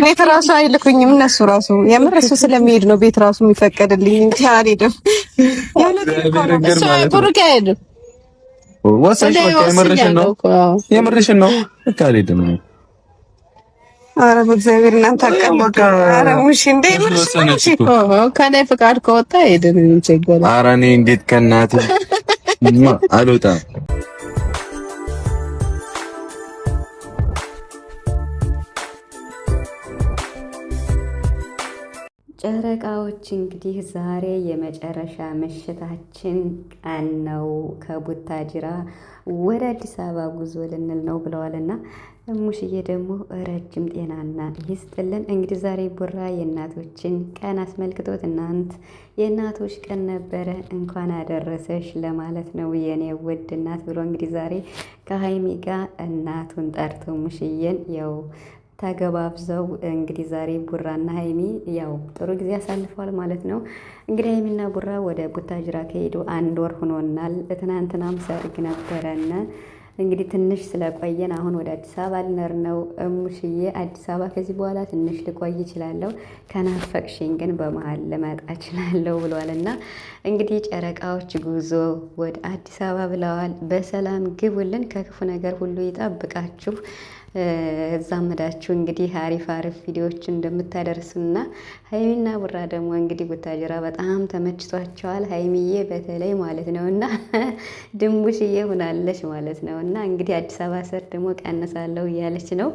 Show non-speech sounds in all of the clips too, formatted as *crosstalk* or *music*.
ቤት ራሱ አይልኩኝም እነሱ ራሱ የምር እሱ ስለሚሄድ ነው ቤት ራሱ የሚፈቀድልኝ እንጂ አልሄድም። የምርሽን ነው ነው በቃ አልሄድም። ኧረ በእግዚአብሔር እናንተ ሙሽ እንደ ከላይ ፍቃድ ከወጣ ሄድን ቸገረ አረ እኔ እንዴት ከእናትህ አልወጣም ጨረቃዎች እንግዲህ ዛሬ የመጨረሻ ምሽታችን ቀን ነው። ከቡታጅራ ወደ አዲስ አበባ ጉዞ ልንል ነው ብለዋልና ሙሽዬ ደግሞ ረጅም ጤናና ይስጥልን። እንግዲህ ዛሬ ቡራ የእናቶችን ቀን አስመልክቶት እናንት የእናቶች ቀን ነበረ እንኳን አደረሰሽ ለማለት ነው የኔ ውድ እናት ብሎ እንግዲህ ዛሬ ከሀይሚ ጋር እናቱን ጠርቶ ሙሽዬን ያው ተገባብዘው እንግዲህ ዛሬ ቡራና ሀይሚ ያው ጥሩ ጊዜ አሳልፈዋል ማለት ነው። እንግዲህ ሀይሚና ቡራ ወደ ቡታጅራ ከሄዱ አንድ ወር ሆኖናል። ትናንትናም ሰርግ ነበረና እንግዲህ ትንሽ ስለቆየን አሁን ወደ አዲስ አበባ ልነር ነው። እሙሽዬ አዲስ አበባ ከዚህ በኋላ ትንሽ ልቆይ እችላለሁ፣ ከናፈቅሽኝ ግን በመሀል ልመጣ እችላለሁ ብሏልና እንግዲህ ጨረቃዎች ጉዞ ወደ አዲስ አበባ ብለዋል። በሰላም ግቡልን፣ ከክፉ ነገር ሁሉ ይጠብቃችሁ። እዛመዳችሁ እንግዲህ አሪፍ አሪፍ ቪዲዮዎች እንደምታደርሱና ሀይሚና ቡራ ደግሞ እንግዲህ ቡታጅራ በጣም ተመችቷቸዋል። ሀይሚዬ በተለይ ማለት ነው እና *laughs* ድንቡሽዬ ሆናለች ማለት ነው እና እንግዲህ አዲስ አበባ ሰር ደግሞ ቀንሳለሁ እያለች ነው።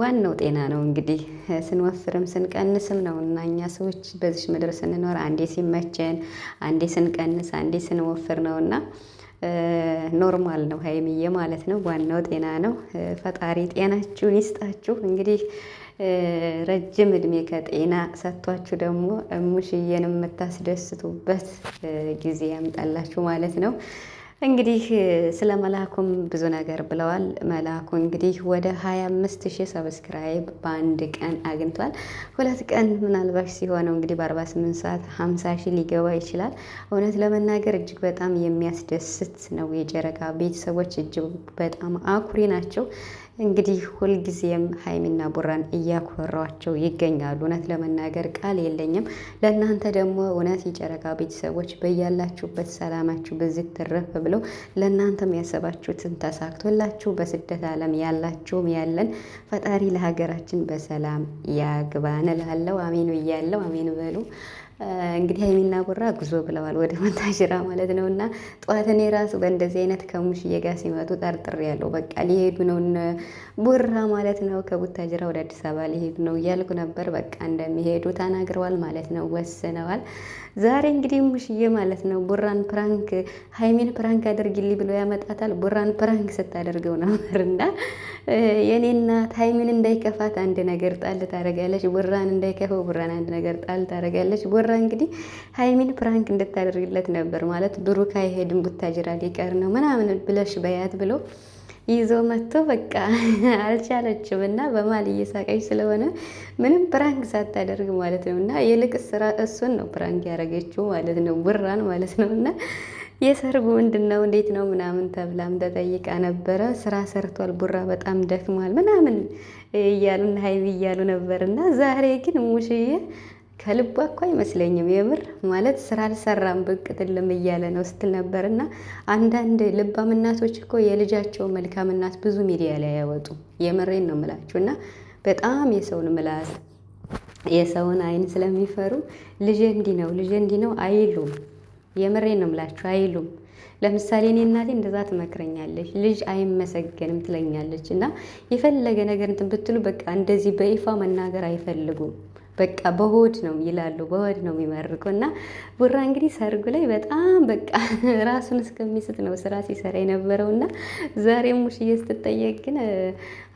ዋናው ጤና ነው እንግዲህ ስንወፍርም ስንቀንስም ነው እና እኛ ሰዎች በዚሽ ምድር ስንኖር አንዴ ሲመቸን፣ አንዴ ስንቀንስ፣ አንዴ ስንወፍር ነው እና ኖርማል ነው ሀይሚዬ ማለት ነው። ዋናው ጤና ነው። ፈጣሪ ጤናችሁን ይስጣችሁ። እንግዲህ ረጅም እድሜ ከጤና ሰጥቷችሁ ደግሞ ሙሽዬን የምታስደስቱበት ጊዜ ያምጣላችሁ ማለት ነው። እንግዲህ ስለ መልአኩም ብዙ ነገር ብለዋል። መላኩ እንግዲህ ወደ 25 ሺህ ሰብስክራይብ በአንድ ቀን አግኝቷል። ሁለት ቀን ምናልባሽ ሲሆነው እንግዲህ በ48 ሰዓት 50 ሺህ ሊገባ ይችላል። እውነት ለመናገር እጅግ በጣም የሚያስደስት ነው። የጨረቃ ቤተሰቦች እጅግ በጣም አኩሪ ናቸው። እንግዲህ ሁልጊዜም ሀይሚና ቡራን እያኮሯቸው ይገኛሉ። እውነት ለመናገር ቃል የለኝም። ለእናንተ ደግሞ እውነት የጨረቃ ቤተሰቦች በያላችሁበት ሰላማችሁ ብዝት ትረፍ ብለው ለእናንተም ያሰባችሁትን ተሳክቶላችሁ በስደት ዓለም ያላችሁም ያለን ፈጣሪ ለሀገራችን በሰላም ያግባን እላለሁ። አሜኑ እያለው አሜኑ በሉ። እንግዲህ ሀይሚና ቡራ ጉዞ ብለዋል ወደ መታሽራ ማለት ነው። እና ጠዋት እኔ ራሱ በእንደዚህ አይነት ከሙሽዬ ጋር ሲመጡ ጠርጥር ያለው በቃ ሊሄዱ ነው ቡራ ማለት ነው። ከቡታጅራ ወደ አዲስ አበባ ሊሄዱ ነው እያልኩ ነበር። በቃ እንደሚሄዱ ተናግረዋል ማለት ነው፣ ወስነዋል። ዛሬ እንግዲህ ሙሽዬ ማለት ነው ቡራን ፕራንክ ሀይሚን ፕራንክ አድርጊልኝ ብሎ ያመጣታል። ቡራን ፕራንክ ስታደርገው ነበር እና የኔና ታይምን እንዳይከፋት አንድ ነገር ጣል ታደርጋለች። ቡራን እንዳይከፋው ቡራን አንድ ነገር ጣል ታደርጋለች። ቡራ እንግዲህ ሀይሚን ፕራንክ እንድታደርግለት ነበር ማለት ብሩክ አይሄድም ቡታጅራ ሊቀር ነው ምናምን ብለሽ በያት ብሎ ይዞ መጥቶ በቃ *laughs* አልቻለችም እና በማል እየሳቀች ስለሆነ ምንም ፕራንክ ሳታደርግ ማለት ነው እና የልቅ ስራ እሱን ነው ፕራንክ ያደረገችው ማለት ነው ቡራን ማለት ነው እና የሰርጉ ምንድን ነው እንዴት ነው ምናምን ተብላም ተጠይቃ ነበረ። ስራ ሰርቷል ቡራ በጣም ደክሟል ምናምን እያሉና ሀይቢ እያሉ ነበር። እና ዛሬ ግን ሙሽዬ ከልቧ እኮ አይመስለኝም የምር ማለት ስራ አልሰራም ብቅ ጥልም እያለ ነው ስትል ነበር። እና አንዳንድ ልባም እናቶች እኮ የልጃቸው መልካም እናት ብዙ ሚዲያ ላይ ያወጡ የምሬን ነው ምላችሁ እና በጣም የሰውን ምላስ የሰውን አይን ስለሚፈሩ ልጄ እንዲህ ነው ልጄ እንዲህ ነው አይሉም። የምሬ ነው ምላችሁ አይሉም። ለምሳሌ እኔ እናቴ እንደዛ ትመክረኛለች። ልጅ አይመሰገንም ትለኛለች እና የፈለገ ነገር እንትን ብትሉ በቃ እንደዚህ በይፋ መናገር አይፈልጉም። በቃ በሆድ ነው ይላሉ፣ በሆድ ነው የሚመርቁ። እና ቡራ እንግዲህ ሰርጉ ላይ በጣም በቃ *laughs* ራሱን እስከሚስት ነው ስራ ሲሰራ የነበረው እና ዛሬም ሙሽዬ ስትጠየቅ ግን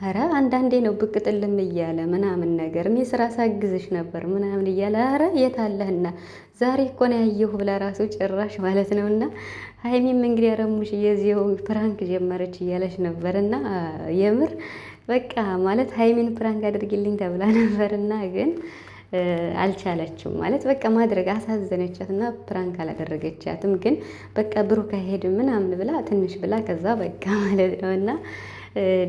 ኧረ አንዳንዴ ነው ብቅ ጥልም እያለ ምናምን ነገር እኔ ስራ ሳግዝሽ ነበር ምናምን እያለ ኧረ የት አለህና ዛሬ እኮ ነው ያየሁ ብላ ራሱ ጭራሽ ማለት ነው እና ሀይሚም እንግዲህ ኧረ ሙሽዬ እዚሁ ፕራንክ ጀመረች እያለች ነበር እና የምር በቃ ማለት ሀይሚን ፕራንክ አድርጊልኝ ተብላ ነበርና ግን አልቻለችም ማለት በቃ ማድረግ አሳዘነቻት አሳዘነቻትና ፕራንክ አላደረገቻትም። ግን በቃ ብሩክ አይሄድም ምናምን ብላ ትንሽ ብላ ከዛ በቃ *laughs* ማለት ነው እና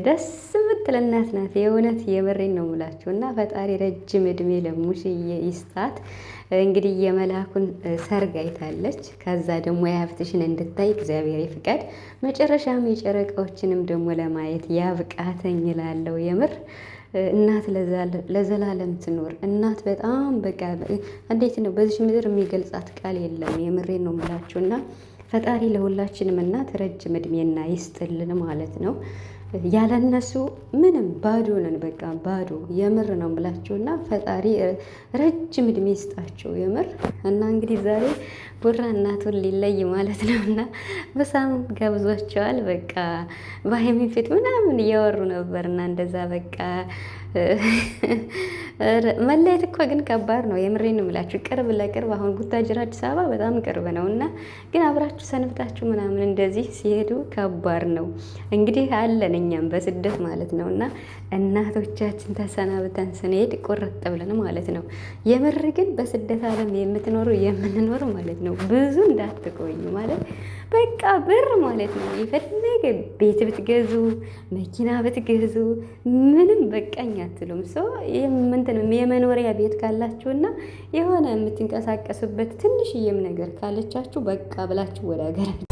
ደስ የምትል እናት ናት። የእውነት የምሬን ነው ሙላችሁ እና ፈጣሪ ረጅም እድሜ ለሙሽ ይስጣት። እንግዲህ የመላኩን ሰርግ አይታለች። ከዛ ደግሞ የሀብትሽን እንድታይ እግዚአብሔር ይፍቀድ። መጨረሻም የጨረቃዎችንም ደግሞ ለማየት ያብቃተኝ እላለሁ የምር እናት ለዘላለም ትኖር። እናት በጣም በቃ እንዴት ነው በዚህ ምድር የሚገልጻት ቃል የለም። የምሬን ነው የምላችሁ እና ፈጣሪ ለሁላችንም እናት ረጅም እድሜና ይስጥልን ማለት ነው። ያለነሱ ምንም ባዶ ነን። በቃ ባዶ የምር ነው ብላችሁ እና ፈጣሪ ረጅም እድሜ ይስጣቸው የምር እና እንግዲህ ዛሬ ቡራ እናቱን ሊለይ ማለት ነው እና በሳም ጋብዟቸዋል። በቃ በሀይሚ ፊት ምናምን እያወሩ ነበር እና እንደዛ በቃ መለየት እኮ ግን ከባድ ነው። የምሬን ምላችሁ ቅርብ ለቅርብ አሁን ጉታጅራ አዲስ አበባ በጣም ቅርብ ነው እና ግን አብራችሁ ሰንብታችሁ ምናምን እንደዚህ ሲሄዱ ከባድ ነው። እንግዲህ አለን እኛም በስደት ማለት ነው እና እናቶቻችን ተሰናብተን ስንሄድ ቁርጥ ብለን ማለት ነው። የምር ግን በስደት ዓለም የምትኖሩ የምንኖሩ ማለት ነው ብዙ እንዳትቆዩ ማለት በቃ ብር ማለት ነው። የፈለገ ቤት ብትገዙ፣ መኪና ብትገዙ ምንም በቃኝ አትሉም። ሶ ምንትንም የመኖሪያ ቤት ካላችሁና የሆነ የምትንቀሳቀሱበት ትንሽዬም ነገር ካለቻችሁ በቃ ብላችሁ ወደ ሀገራችሁ